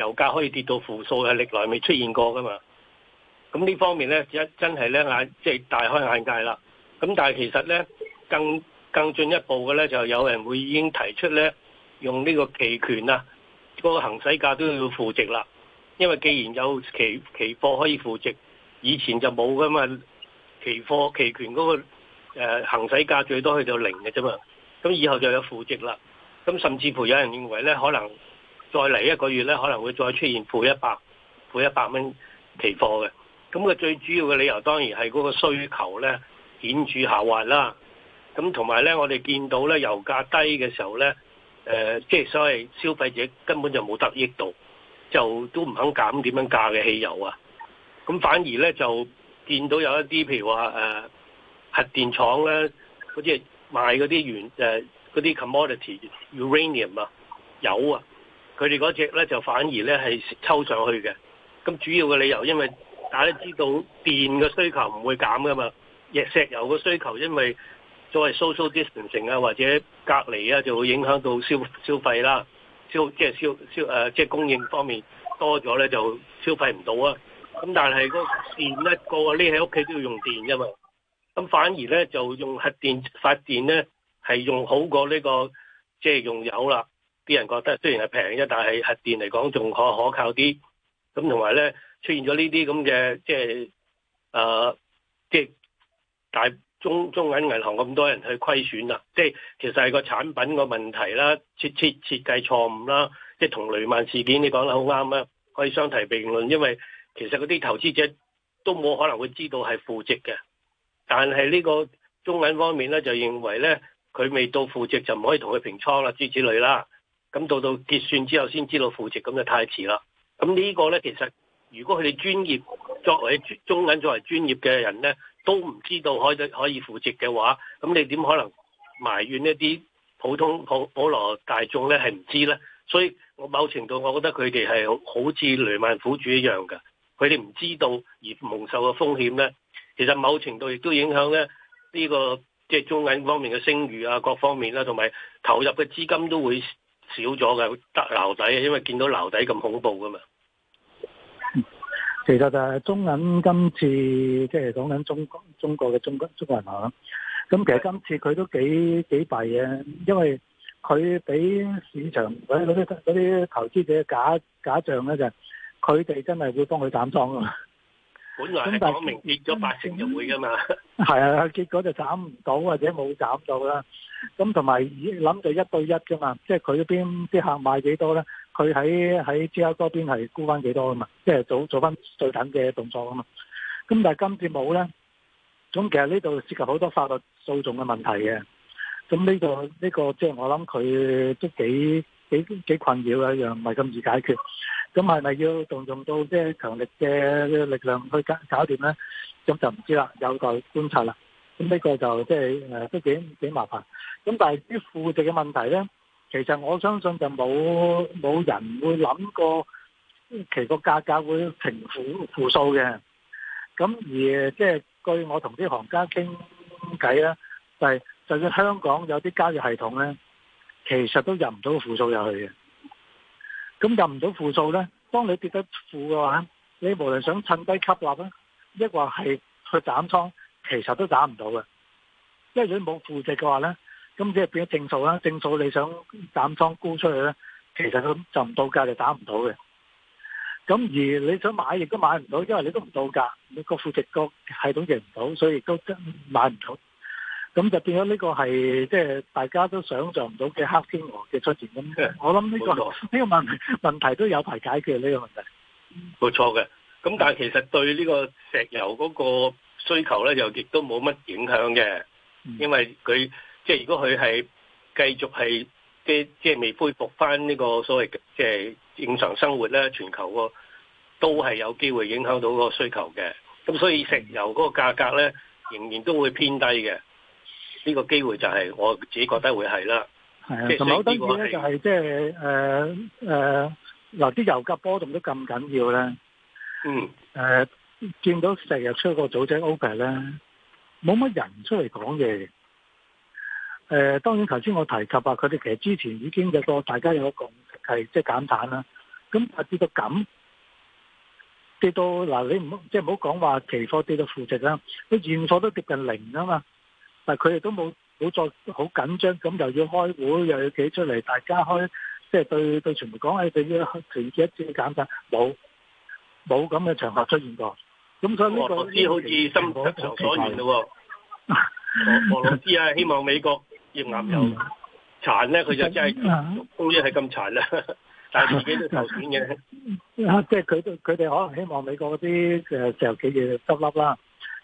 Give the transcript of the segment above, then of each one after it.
油價可以跌到負數係歷來未出現過噶嘛？咁呢方面呢，一真係咧眼，即係大開眼界啦。咁但係其實呢，更更進一步嘅呢，就有人會已經提出呢，用呢個期權啊，嗰、那個行使價都要負值啦。因為既然有期期貨可以負值，以前就冇噶嘛。期貨期權嗰、那個、呃、行使價最多去到零嘅啫嘛。咁以後就有負值啦。咁甚至乎有人認為呢，可能。再嚟一個月咧，可能會再出現負一百、負一百蚊期貨嘅。咁佢最主要嘅理由當然係嗰個需求咧顯著下滑啦。咁同埋咧，我哋見到咧油價低嘅時候咧，即、呃、係、就係、所謂消費者根本就冇得益到，就都唔肯減點樣價嘅汽油啊。咁反而咧就見到有一啲譬如話、呃、核電廠咧，嗰啲賣嗰啲原誒嗰啲 commodity uranium 啊油啊。佢哋嗰隻咧就反而咧係抽上去嘅，咁主要嘅理由因為大家知道電嘅需求唔會減噶嘛，石油嘅需求因為作為 social distancing 啊或者隔離啊就會影響到消消費啦，消即係消消誒、啊、即係供應方面多咗咧就消費唔到啊，咁但係個電咧個個匿喺屋企都要用電㗎嘛，咁反而咧就用核電發電咧係用好過呢個即係用油啦。啲人覺得雖然係平嘅，但係核電嚟講仲可可靠啲。咁同埋咧出現咗呢啲咁嘅，即係啊、呃，即係大中中銀銀行咁多人去虧損啦。即係其實係個產品個問題啦，設設設計錯誤啦。即係同雷曼事件你講得好啱啦，可以相提並論。因為其實嗰啲投資者都冇可能會知道係負值嘅，但係呢個中銀方面咧就認為咧佢未到負值就唔可以同佢平倉啦，諸此類啦。咁到到結算之後先知道負值，咁就太遲啦。咁呢個呢，其實如果佢哋專業作為中銀作為專業嘅人呢，都唔知道可以可以負值嘅話，咁你點可能埋怨一啲普通普普羅大眾呢？係唔知呢。所以我某程度，我覺得佢哋係好似雷曼苦主一樣嘅，佢哋唔知道而蒙受嘅風險呢，其實某程度亦都影響呢呢，呢個即係中銀方面嘅聲譽啊，各方面啦，啊，同埋投入嘅資金都會。少咗嘅得樓底，因為見到樓底咁恐怖噶嘛。其實就係中銀今次即係講緊中國的中，中國嘅中國中國銀行。咁其實今次佢都幾幾弊嘅，因為佢俾市場嗰啲啲投資者的假假象咧，就佢哋真係會幫佢斬倉㗎嘛。咁但係我明跌咗八成就會㗎嘛？係啊，結果就斬唔到或者冇斬到啦。咁同埋諗就一對一啫嘛，即係佢邊啲客買幾多咧，佢喺喺芝加哥邊係沽翻幾多㗎嘛？即係做做翻最緊嘅動作㗎嘛。咁但係今次冇咧，咁其實呢度涉及好多法律訴訟嘅問題嘅。咁呢個呢個即係我諗佢都幾。幾幾困擾嘅一樣，唔係咁易解決。咁係咪要動用到即係強力嘅力量去搞搞掂咧？咁就唔知啦，有待觀察啦。咁呢個就即係誒都幾幾麻煩。咁但係啲負值嘅問題咧，其實我相信就冇冇人會諗過期貨價格會平負負數嘅。咁而即係據我同啲行家傾偈咧，就係就算香港有啲交易系統咧，其實都入唔到個負數入去嘅。咁入唔到負數咧，當你跌得負嘅話，你無論想趁低吸納啦，抑或係去斬倉，其實都斬唔到嘅，因為如果冇負值嘅話咧，咁即係變咗正數啦，正數你想斬倉沽出去咧，其實佢就唔到價就打唔到嘅，咁而你想買亦都買唔到，因為你都唔到價，你個負值個系統贏唔到，所以都真買唔到。咁就變咗呢個係即係大家都想像唔到嘅黑天鵝嘅出現。咁我諗呢個呢個問，問題都有排解決呢個問題。冇錯嘅。咁但係其實對呢個石油嗰個需求咧，又亦都冇乜影響嘅，嗯，因為佢即係如果佢係繼續係即即係未恢復翻呢個所謂嘅即係正常生活咧，全球個都係有機會影響到個需求嘅。咁所以石油嗰個價格咧，仍然都會偏低嘅。呢、這個機會就係我自己覺得會係啦。係啊，同埋好得意咧，就係即係誒誒，嗱、呃、啲、呃、油價波動都咁緊要咧。嗯。誒、呃，見到成日出一個組仔 OK 咧，冇、OK, 乜人出嚟講嘢。誒、呃，當然頭先我提及啊，佢哋其實之前已經有個大家有個共識即係減產啦。咁、就、啊、是，跌到咁、呃、跌到嗱，你唔好即係唔好講話期貨跌到負值啦，佢現貨都跌近零啊嘛。佢哋都冇冇再好緊張，咁又要開會，又要企出嚟，大家開即係對對傳媒講，係對於前幾一節減震冇冇咁嘅場合出現過。咁所以呢個，俄羅斯好似心長所言嘞喎。俄羅斯啊，希望美國頁岩油殘咧，佢就真係終於係咁殘啦，但係自己都受損嘅。啊，即係佢都佢哋可能希望美國嗰啲嘅石油企業執笠啦。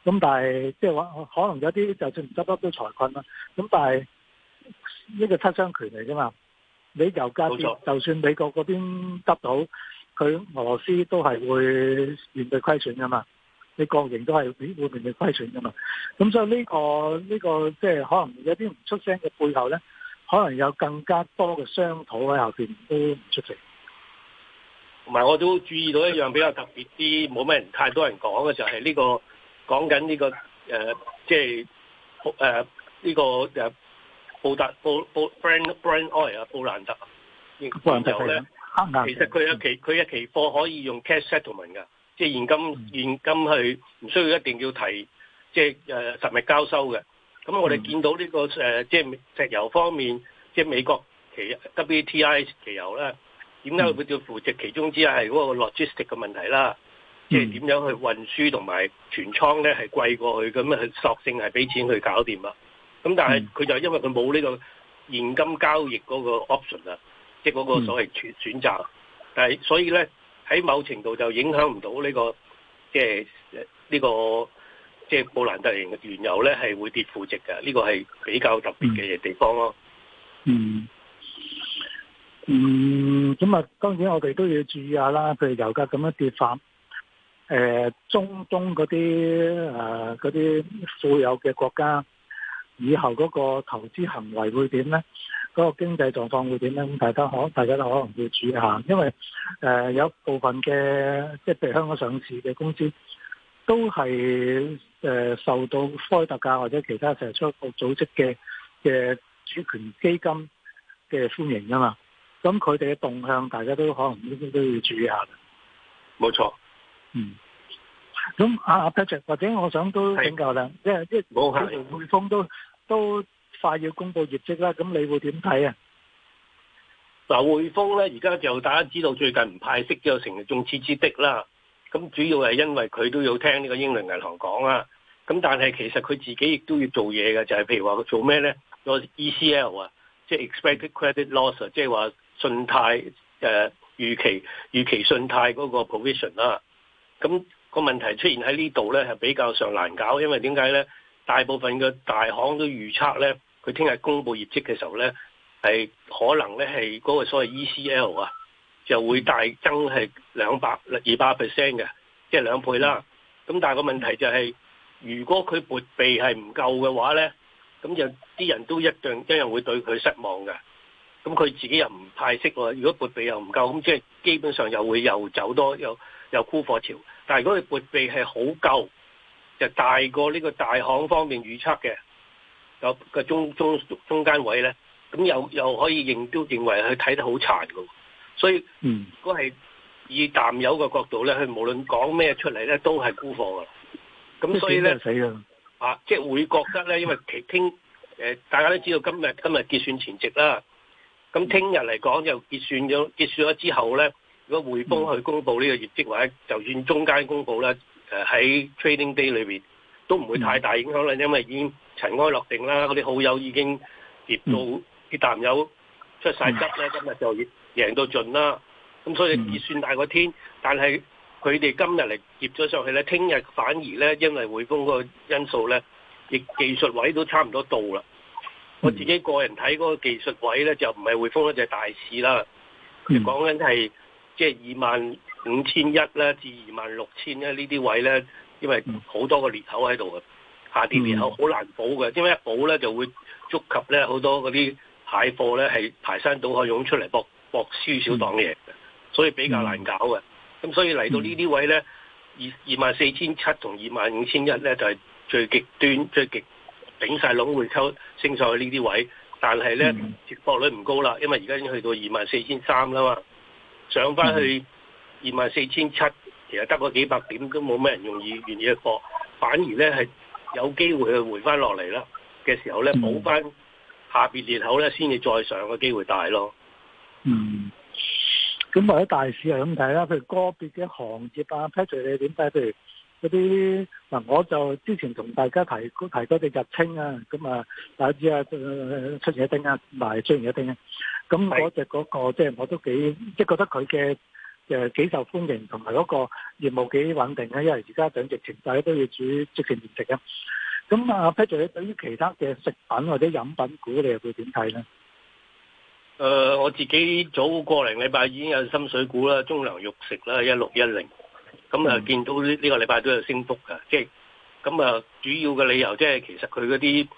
咁但係即係話，可能有啲就算唔執笠都財困啦。咁但係呢個七傷拳嚟啫嘛。你油價就算美國嗰邊執到，佢俄羅斯都係會面對虧損噶嘛。你國營都係會面對虧損噶嘛。咁所以呢個呢個即係可能有啲唔出聲嘅背後咧，可能有更加多嘅商討喺後邊都唔出奇。同埋我都注意到一樣比較特別啲，冇咩人太多人講嘅就係呢個。講緊呢個誒、呃，即係誒呢個誒布達布布布蘭布蘭特油啊，布,布,布,布,布,布,布蘭特，咧，其實佢有期佢有期貨可以用 cash settlement 㗎，即係現金現金去唔需要一定要提，即係誒、呃、實物交收嘅。咁我哋見到呢、這個誒、嗯呃，即係石油方面，即係美國期 WTI 期油咧，點解會叫負值？其中之一係嗰個 logistic 嘅問題啦。嗯、即係點樣去運輸同埋存倉咧，係貴過去咁啊，索性係俾錢去搞掂啦。咁但係佢就因為佢冇呢個現金交易嗰個 option 啊，即係嗰個所謂選擇、嗯。但係所以咧，喺某程度就影響唔到呢個即係呢、這個即係布蘭特型原油咧，係會跌負值嘅。呢、這個係比較特別嘅地方咯。嗯嗯，咁、嗯、啊、嗯，當然我哋都要注意一下啦。譬如油價咁樣跌法。誒，中東嗰啲誒，嗰啲富有嘅國家，以後嗰個投資行為會點咧？嗰個經濟狀況會點咧？咁大家可，大家都可能要注意一下，因為誒有一部分嘅，即係譬如香港上市嘅公司，都係誒受到開特價或者其他成個組織嘅嘅主權基金嘅歡迎噶嘛。咁佢哋嘅動向，大家都可能應該都要注意一下。冇錯。嗯，咁阿阿 Patrick 或者我想都請教啦，即係即係，咁匯豐都都快要公布業績啦，咁你會點睇啊？嗱，匯豐咧，而家就大家知道最近唔派息就成日仲黐黐的啦。咁主要係因為佢都要聽呢個英倫銀行講啊。咁但係其實佢自己亦都要做嘢嘅，就係、是、譬如話佢做咩咧？做 ECL 啊，即係 expected credit loss 啊，即係話信貸誒、呃、預期預期信貸嗰個 provision 啦。咁、那個問題出現喺呢度咧，係比較上難搞，因為點解咧？大部分嘅大行都預測咧，佢聽日公布業績嘅時候咧，係可能咧係嗰個所謂 ECL 啊，就會大增係兩百二百 percent 嘅，即係、就是、兩倍啦。咁但係個問題就係、是，如果佢撥備係唔夠嘅話咧，咁就啲人都一樣一樣會對佢失望嘅。咁佢自己又唔派息喎，如果撥備又唔夠，咁即係基本上又會又走多又。有沽貨潮，但係如果佢撥備係好夠，就大過呢個大行方面預測嘅有個中中中間位咧，咁又又可以認標認為佢睇得好殘噶，所以嗯，如果係以淡友嘅角度咧，佢無論講咩出嚟咧，都係沽貨㗎，咁所以咧啊，即係會覺得咧，因為聽誒、呃、大家都知道今日今日結算前夕啦，咁聽日嚟講又結算咗，結算咗之後咧。如果匯豐去公布呢個業績、嗯，或者就算中間公布咧，誒、呃、喺 trading day 裏邊都唔會太大影響啦、嗯，因為已經塵埃落定啦，我啲好友已經跌到啲淡、嗯、友出晒汁咧，今日就贏到盡啦。咁所以結算大過天，嗯、但係佢哋今日嚟結咗上去咧，聽日反而咧，因為匯豐嗰個因素咧，亦技術位都差唔多到啦、嗯。我自己個人睇嗰個技術位咧，就唔係匯豐咧，就係、是、大市啦。佢講緊係。嗯即係二萬五千一咧，至二萬六千咧，呢啲位咧，因為好多個裂口喺度啊，下跌裂口好難補嘅、嗯，因為一補咧就會觸及咧好多嗰啲蟹貨咧係排山倒海湧出嚟搏搏輸少檔嘢，所以比較難搞嘅。咁、嗯、所以嚟到呢啲位咧，二二萬四千七同二萬五千一咧就係、是、最極端、最極頂晒籠會收升上去呢啲位，但係咧、嗯、值博率唔高啦，因為而家已經去到二萬四千三啦嘛。上翻去二萬四千七、嗯，其實得嗰幾百點都冇咩人願意願意過，反而咧係有機會去回翻落嚟啦嘅時候咧、嗯，補翻下邊裂口咧，先至再上個機會大咯。嗯，咁或者大市係咁睇啦，譬如個別嘅行業啊，Patrick 你點睇？譬如嗰啲嗱，我就之前同大家提提隻日清啊，咁啊，留意啊，出現一丁啊，嗱出現一丁啊。咁嗰隻嗰個即係我都幾即係覺得佢嘅誒幾受歡迎，同埋嗰個業務幾穩定咧，因為而家整隻疫情大家都要煮即食麵食啊。咁啊，Patrick，你對於其他嘅食品或者飲品股，你又會點睇咧？誒，我自己早過零禮拜已經有深水股啦，中糧肉食啦，一六一零，咁啊，見到呢呢個禮拜都有升幅㗎，即係咁啊，主要嘅理由即係其實佢嗰啲。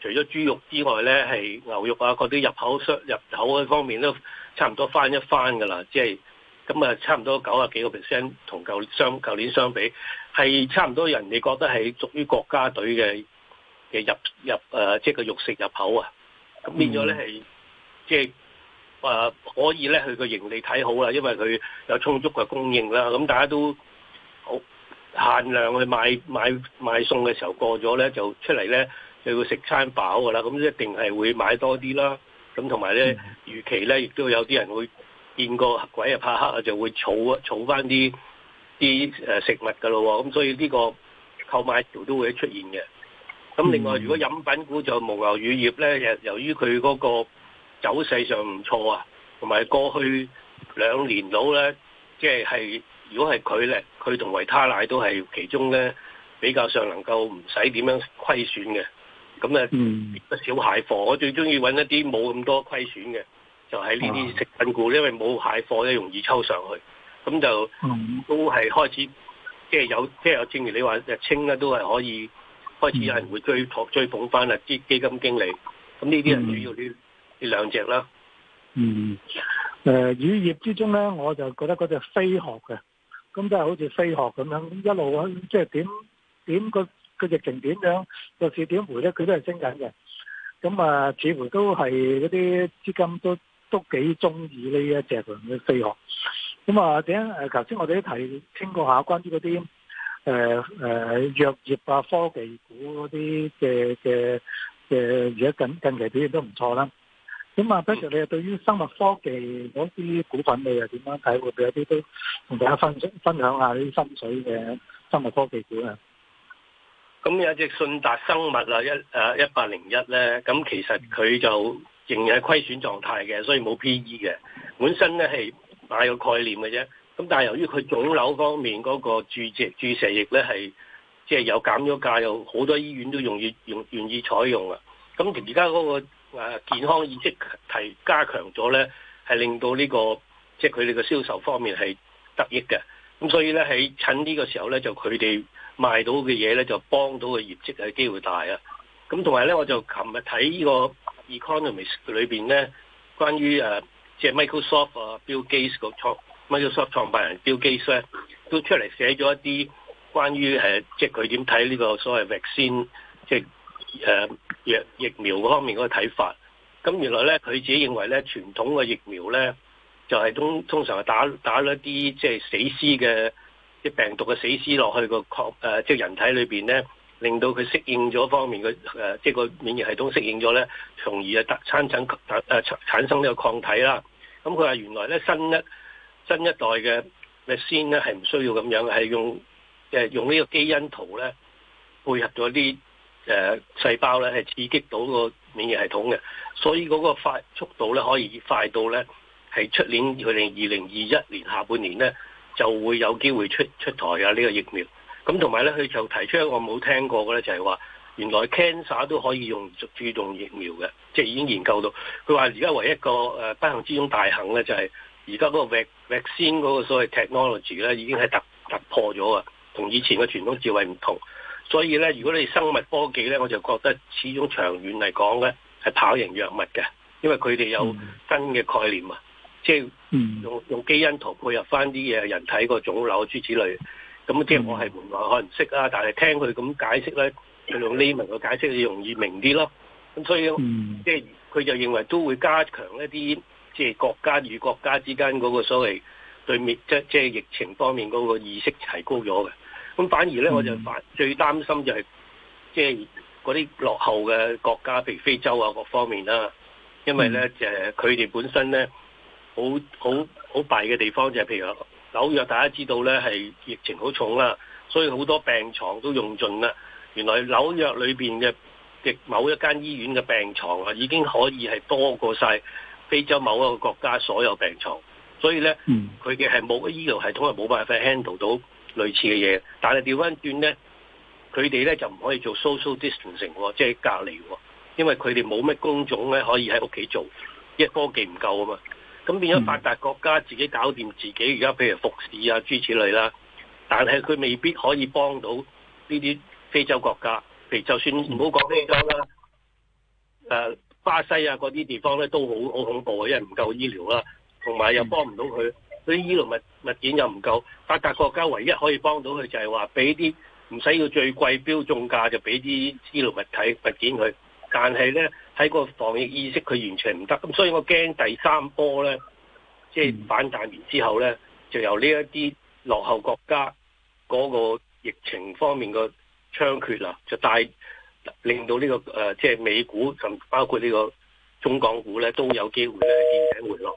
除咗豬肉之外咧，係牛肉啊，嗰啲入口入口方面都差唔多翻一翻噶啦，即係咁啊，差唔多九啊幾個 percent 同舊相舊年相比，係差唔多人哋覺得係屬於國家隊嘅嘅入入即係個肉食入口啊，咁變咗咧係即係可以咧，佢個盈利睇好啦，因為佢有充足嘅供應啦，咁大家都好限量去買買買餸嘅時候過咗咧，就出嚟咧，就會食餐飽㗎啦，咁一定係會買多啲啦。咁同埋咧，預期咧，亦都有啲人會見過鬼啊、怕黑啊，就會儲儲翻啲啲誒食物㗎咯。咁所以呢個購買潮都會出現嘅。咁另外，如果飲品股就蒙牛乳業咧，由由於佢嗰個走勢上唔錯啊，同埋過去兩年到咧，即係係如果係佢咧，佢同維他奶都係其中咧比較上能夠唔使點樣虧損嘅。咁、嗯、誒，就少蟹貨，我最中意揾一啲冇咁多虧損嘅，就係呢啲食品股，啊，因為冇蟹貨咧，容易抽上去。咁就、嗯、都係開始，即、就、係、是、有，即係有。正如你話，日清咧都係可以開始有人會追、嗯、追捧翻啦。啲基金經理，咁呢啲係主要呢啲、嗯、兩隻啦。嗯，誒、呃，乳業之中咧，我就覺得嗰隻飛鶴嘅，咁都係好似飛鶴咁樣一路，即、就、係、是、點點個。佢就成點樣，或是點回咧，佢都係升緊嘅。咁啊，似乎都係嗰啲資金都都幾中意呢隻成份嘅飛行。咁啊，點誒，頭先我哋都提傾過下關於嗰啲誒誒藥業啊、科技股嗰啲嘅嘅嘅，而家近近期表現都唔錯啦。咁啊，不如你啊，對於生物科技嗰啲股份，你又點樣睇？會有啲都同大家分享分享下啲心水嘅生物科技股啊？咁有一隻信達生物啊，一誒一百零一咧，咁其實佢就仍然係虧損狀態嘅，所以冇 P E 嘅。本身咧係買個概念嘅啫，咁但係由於佢腫瘤方面嗰個注射注射液咧係即係有減咗價，有好多醫院都願意願願意採用啊。咁而家嗰個健康意識提加強咗咧，係令到呢個即係佢哋嘅銷售方面係得益嘅。咁所以咧喺趁呢個時候咧，就佢哋。賣到嘅嘢咧，就幫到個業績嘅機會大啊！咁同埋咧，我就琴日睇呢個 Economist 裏邊咧，關於誒即係 Microsoft 啊，Bill Gates 個創 Microsoft 創辦人 Bill Gates 咧，都出嚟寫咗一啲關於誒即係佢點睇呢個所謂 vaccine 即係誒疫疫苗嗰方面嗰個睇法。咁原來咧，佢自己認為咧，傳統嘅疫苗咧，就係、是、通通常係打打咗一啲即係死屍嘅。即病毒嘅死屍落去個抗誒，即係人體裏邊咧，令到佢適應咗方面嘅誒，即係個免疫系統適應咗咧，從而啊得產生誒產生呢個抗體啦。咁佢話原來咧，新一新一代嘅嘅先咧，係唔需要咁樣，係用誒用呢個基因圖咧，配合咗啲誒細胞咧，係刺激到個免疫系統嘅，所以嗰個快速度咧，可以快到咧係出年佢哋二零二一年下半年咧。就會有機會出出台啊呢個疫苗，咁同埋咧佢就提出一個我冇聽過嘅咧，就係話原來 cancer 都可以用注重疫苗嘅，即係已經研究到。佢話而家唯一,一個誒不幸之中大幸咧，就係而家嗰個 vaccine 嗰個所謂 technology 咧，已經係突突破咗啊，同以前嘅傳統智慧唔同。所以咧，如果你生物科技咧，我就覺得始終長遠嚟講咧係跑贏藥物嘅，因為佢哋有新嘅概念啊。即係用用基因圖配入翻啲嘢，人體個腫瘤諸此類、嗯。咁即係我係唔話可能識啦，但係聽佢咁解釋咧，佢用英文嘅解釋就容易明啲咯。咁所以、嗯、即係佢就認為都會加強一啲即係國家與國家之間嗰個所謂對面即即係疫情方面嗰個意識提高咗嘅。咁反而咧我就反最擔心就係、是嗯、即係嗰啲落後嘅國家，譬如非洲啊各方面啦、啊，因為咧誒佢哋本身咧。好好好弊嘅地方就係，譬如紐約，大家知道咧係疫情好重啦，所以好多病床都用盡啦。原來紐約裏面嘅某一間醫院嘅病床啊，已經可以係多過曬非洲某一個國家所有病床。所以咧，佢嘅係冇醫療系統，係冇辦法 handle 到類似嘅嘢。但係調翻轉咧，佢哋咧就唔可以做 social distancing 喎，即係隔離喎，因為佢哋冇咩工種咧可以喺屋企做，因為科技唔夠啊嘛。咁變咗發達國家自己搞掂自己，而家譬如服侍啊諸如此類啦，但係佢未必可以幫到呢啲非洲國家。譬如就算唔好講非洲啦，啊、巴西啊嗰啲地方咧都好好恐怖啊，因為唔夠醫療啦，同埋又幫唔到佢，嗰啲醫療物物件又唔夠。發達國家唯一可以幫到佢就係話俾啲唔使要最貴標準價就俾啲醫療物體物件佢，但係呢。喺個防疫意識佢完全唔得，咁所以我驚第三波呢，即係反彈完之後呢，就由呢一啲落後國家嗰個疫情方面個猖獗啦，就帶令到呢個誒，即係美股同包括呢個中港股呢，都有機會咧見頂回落。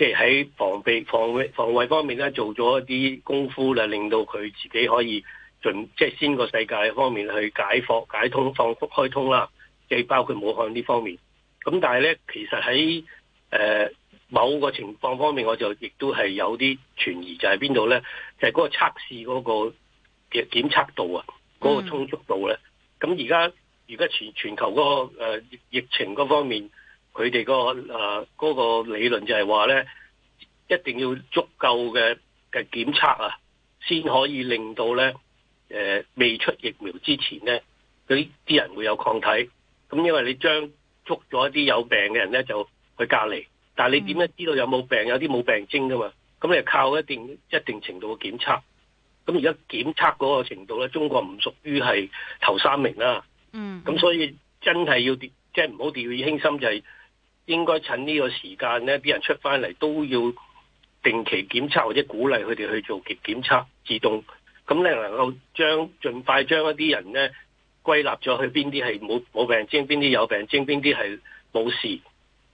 即係喺防備防防衞方面咧，做咗一啲功夫啦，令到佢自己可以盡即係先個世界方面去解放、解通、放開通啦，即係包括武漢呢方面。咁但係咧，其實喺誒、呃、某個情況方面，我就亦都係有啲存疑，就係邊度咧？就係嗰個測試嗰個嘅檢測度啊，嗰個充足度咧。咁而家而家全全球嗰個疫情嗰方面。佢哋嗰個誒、呃那個、理論就係話咧，一定要足夠嘅嘅檢測啊，先可以令到咧誒、呃、未出疫苗之前咧，嗰啲人會有抗體。咁因為你將捉咗一啲有病嘅人咧，就去隔離。但係你點樣知道有冇病？有啲冇病徵㗎嘛？咁你靠一定一定程度嘅檢測。咁而家檢測嗰個程度咧，中國唔屬於係頭三名啦、啊。嗯。咁所以真係要，即係唔好掉以輕心，就係、是。應該趁呢個時間咧，啲人出翻嚟都要定期檢測，或者鼓勵佢哋去做檢測自動。咁你能夠將盡快將一啲人咧歸納咗去邊啲係冇冇病徵，邊啲有病徵，邊啲係冇事。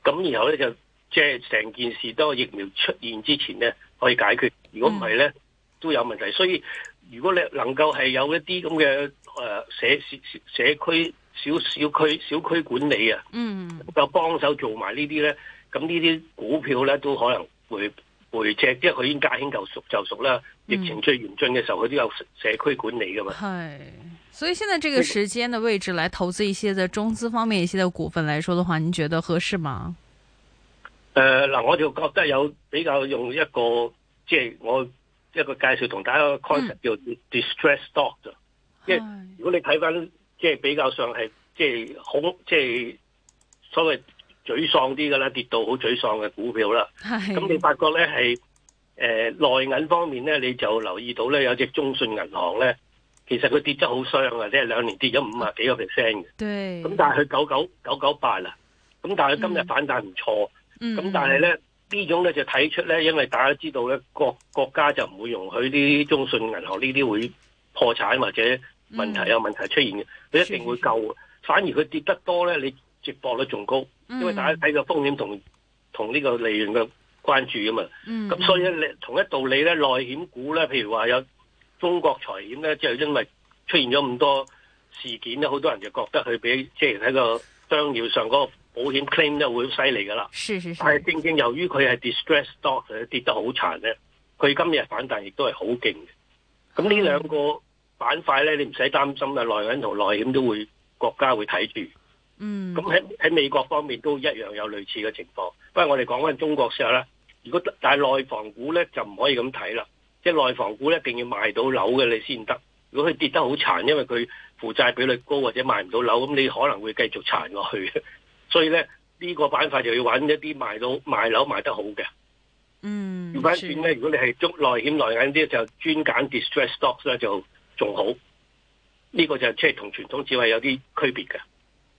咁然後咧就即係成件事都疫苗出現之前咧可以解決。如果唔係咧都有問題。所以如果你能夠係有一啲咁嘅誒社社社區。小小區小區管理啊，夠幫手做埋呢啲咧，咁呢啲股票咧都可能會回撤，即係佢已經駕輕就熟就熟啦、嗯。疫情最嚴峻嘅時候，佢都有社區管理噶嘛。係，所以現在這個時間的位置來投資一些在中資方面一些嘅股份來說嘅話，你覺得合適嗎？誒，嗱，我就覺得有比較用一個即係我一個介紹同大家一個 concept、嗯、叫 distress stock 即係如果你睇翻。即、就、係、是、比較上係，即係好，即係所謂沮喪啲噶啦，跌到好沮喪嘅股票啦。咁你發覺咧係，誒，內銀方面咧，你就留意到咧有隻中信銀行咧，其實佢跌得好傷啊，即係兩年跌咗五啊幾個 percent 嘅。咁但係佢九九九九八啦，咁但係佢今日反彈唔錯。咁、嗯、但係咧呢種咧就睇出咧，因為大家知道咧國國家就唔會容許啲中信銀行呢啲會破產或者。問題有問題出現嘅，佢一定會救。反而佢跌得多咧，你接駁率仲高，嗯，因為大家睇個風險同同呢個利潤嘅關注啊嘛。咁，嗯、所以咧，同一道理咧，內險股咧，譬如話有中國財險咧，即、就、係、是、因為出現咗咁多事件咧，好多人就覺得佢俾即係喺個商業上嗰個保險 claim 咧會犀利噶啦。但係正正由於佢係 distressed stock 跌得好殘咧。佢今日反彈亦都係好勁嘅。咁呢兩個。是是是板塊咧，你唔使擔心啊，內銀同內險都會國家會睇住。嗯、mm -hmm.，咁喺喺美國方面都一樣有類似嘅情況。不過我哋講翻中國先啦。如果但係內房股咧就唔可以咁睇啦，即係內房股呢，一定要賣到樓嘅你先得。如果佢跌得好殘，因為佢負債比率高或者賣唔到樓，咁你可能會繼續殘落去。 所以咧，呢、這個板塊就要搵一啲賣到賣樓賣得好嘅。嗯，換翻轉咧，如果你係捉內險內銀啲就專揀 distress stocks 咧就。仲好，呢個就係即係同傳統智慧有啲區別嘅。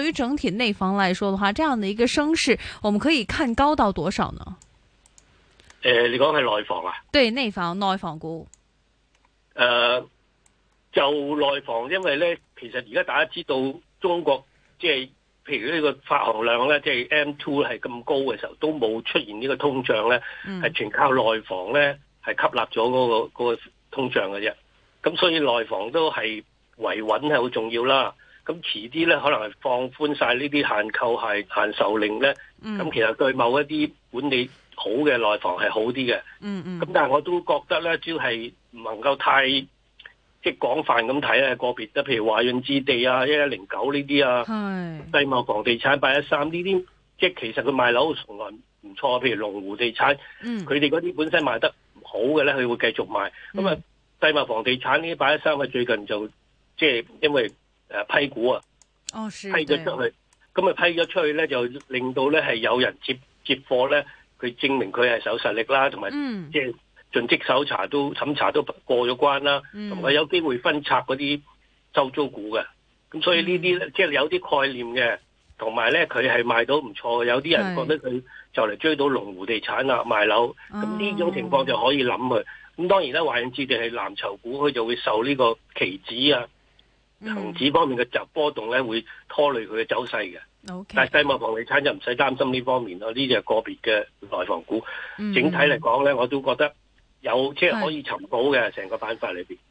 對於整體內房來說的話，這樣的一個升勢，我們可以看高到多少呢？誒、呃，你講係內房啊？對，內房，內房股。誒、呃，就內房，因為呢其實而家大家知道，中國即係，譬如呢個發行量咧，即係 M two 係咁高嘅時候，都冇出現呢個通脹呢係、嗯、全靠內房呢係吸納咗嗰個、那個通脹嘅啫。咁所以內房都係維穩係好重要啦。咁遲啲咧，可能放寬曬呢啲限購係限售令咧。咁、嗯、其實對某一啲管理好嘅內房係好啲嘅。咁、嗯嗯、但係我都覺得咧，只要係唔能夠太即係廣泛咁睇咧，個別即譬如華潤置地啊、一一零九呢啲啊，世茂房地產八一三呢啲，即係其實佢賣樓從來唔錯。譬如龍湖地產，佢哋嗰啲本身賣得好嘅咧，佢會繼續賣。咁啊，世茂房地產呢啲八一三，佢最近就即係因為。誒、呃，批股啊，批咗出去，咁、哦、啊批咗出去咧，就令到咧係有人接接貨咧，佢證明佢係有實力啦，同埋即係盡職搜查都審查都過咗關啦，同、嗯、埋有機會分拆嗰啲收租股嘅。咁所以呢啲咧即係有啲概念嘅，同埋咧佢係賣到唔錯，有啲人覺得佢就嚟追到龍湖地產啊賣樓，咁、哦、呢、嗯、種情況就可以諗佢，咁當然咧華潤置地係藍籌股，佢就會受呢個期指啊。恒指方面嘅就波動咧，會拖累佢嘅走勢嘅。Okay. 但係世茂房地產就唔使擔心呢方面咯，呢隻個別嘅內房股，嗯、整體嚟講咧，我都覺得有即係、就是、可以尋寶嘅成個板塊裏邊。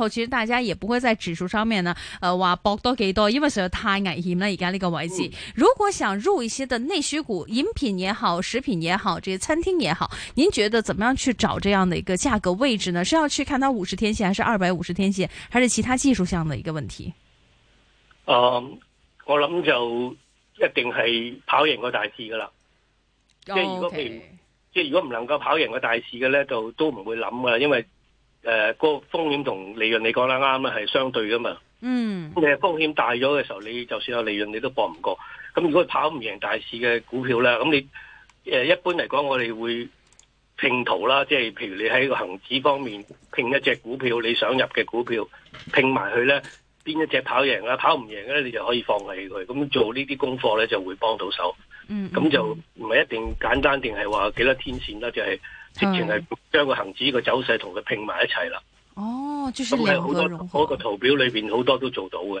然後其實大家也不會在指數上面呢，呃話博多幾多，因為實在太危險啦，而家呢個位置。如果想入一些的內需股，飲品也好，食品也好，這些餐廳也好，您覺得怎麼樣去找這樣的一個價格位置呢？是要去看它五十天線，還是二百五十天線，還是其他技術上的一個問題？嗯，我諗就一定係跑贏個大市噶啦。即係如果唔即係如果唔能夠跑贏個大市嘅咧，就都唔會諗噶啦，因為。誒，個風險同利潤你講得啱啊，係相對噶嘛。嗯，你係風險大咗嘅時候，你就算有利潤，你都搏唔過。咁如果跑唔贏大市嘅股票咧，咁你誒一般嚟講，我哋會拼圖啦，即係譬如你喺個恒指方面拼一隻股票，你想入嘅股票拼埋去咧，邊一隻跑贏啦，跑唔贏咧，你就可以放棄佢。咁做呢啲功課咧，就會幫到手。嗯，咁就唔係一定簡單，定係話幾多天線啦，就係。直情係將個恒指個走勢同佢拼埋一齊啦。哦，即係兩個融合。咁係好多嗰個圖表裏面好多都做到嘅。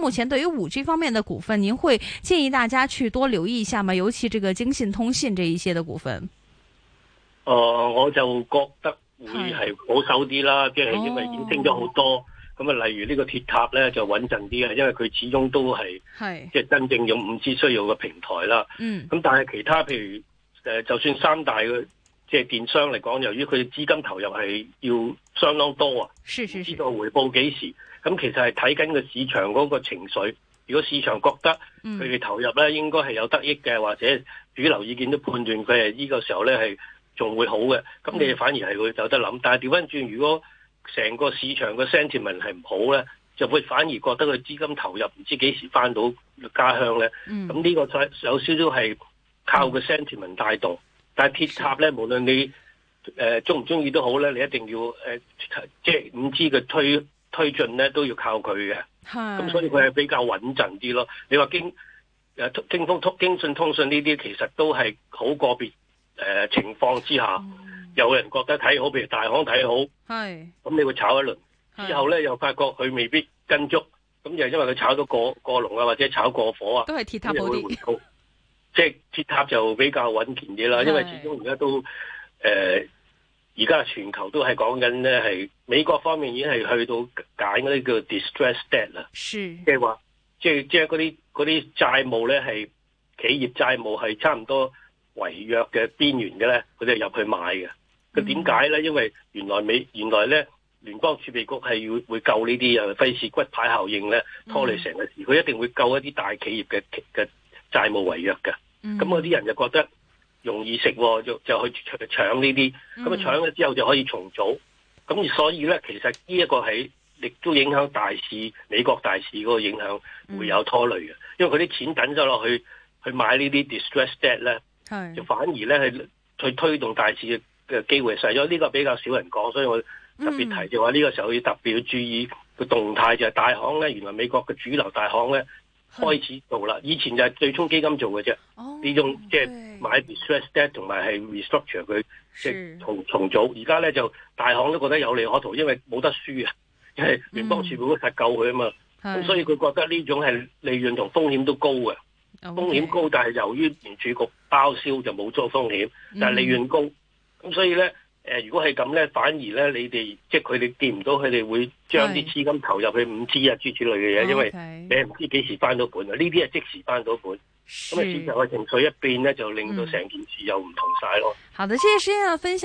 目前對於五 G 方面的股份，您會建議大家去多留意一下嗎？尤其這個京信通信這一些的股份。誒、呃，我就覺得會係保守啲啦，即係、就是、因為已經升咗好多。咁、哦、啊、嗯，例如這個鐵呢個鐵塔咧就穩陣啲啊，因為佢始終都係即係真正用五 G 需要嘅平台啦。嗯。咁但係其他譬如誒，就算三大嘅即係電商嚟講，由於佢資金投入係要相當多啊，是是是，知道回報幾時。咁其實係睇緊個市場嗰個情緒。如果市場覺得佢哋投入咧應該係有得益嘅，嗯、或者主流意見都判斷佢係呢個時候咧係仲會好嘅，咁、嗯、你反而係會有得諗。但係掉返轉，如果成個市場嘅 sentiment 係唔好咧，就會反而覺得佢資金投入唔知幾時返到家鄉咧。咁、嗯、呢個有少少係靠個 sentiment 帶動、嗯、但係鐵塔咧，無論你誒鍾唔鍾意都好咧，你一定要誒即係五 G 嘅推。推進咧都要靠佢嘅，咁所以佢係比較穩陣啲咯。你話經誒、啊、經通經信通信呢啲，其實都係好個別誒、呃、情況之下，嗯、有人覺得睇好，譬如大行睇好，咁、嗯、你會炒一輪，之後咧又發覺佢未必跟足，咁就因為佢炒到過過龍啊，或者炒過火啊，都係鐵塔會回高。即、就、係、是、鐵塔就比較穩健啲啦，因為始終而家都誒。呃。而家全球都係講緊咧，係美國方面已經係去到揀嗰啲叫 distress debt 啦，即係話，即係即係嗰啲嗰啲債務咧係企業債務係差唔多違約嘅邊緣嘅咧，佢哋入去買嘅。佢點解咧？因為原來美原來咧聯邦儲備局係要會救呢啲啊，費事骨牌效應咧拖你成個事。而、嗯、佢一定會救一啲大企業嘅嘅債務違約嘅。咁嗰啲人就覺得。容易食喎，就就去搶呢啲，咁啊搶咗之後就可以重組，咁、嗯、所以咧其實呢一個係亦都影響大市，美國大市嗰個影響會、嗯、有拖累嘅，因為佢啲錢等咗落去去買呢啲 distressed debt 咧，就反而咧去去推動大市嘅機會，所以呢個比較少人講，所以我特別提就話、是、呢、嗯這個時候要特別要注意個動態，就係大行咧，原來美國嘅主流大行咧。開始做啦，以前就係對沖基金做嘅啫，呢、oh，種即係買 distressed debt 同埋係 restructure 佢即係重重組。而家咧就大行都覺得有利可圖，因為冇得輸啊，為、就是、聯邦儲備會救佢啊嘛。咁、嗯、所以佢覺得呢種係利潤同風險都高嘅，風險高，但係由於聯儲局包銷就冇咗風險，嗯、但係利潤高。咁所以咧。誒、呃，如果係咁咧，反而咧，你哋即係佢哋見唔到，佢哋會將啲資金投入去五 G 啊，諸如此類嘅嘢，okay. 因為你唔知幾時翻到本啊，呢啲係即時翻到本。咁啊，市場嘅情緒一變咧，就令到成件事又唔同晒咯、嗯。好的，謝謝施生嘅分享。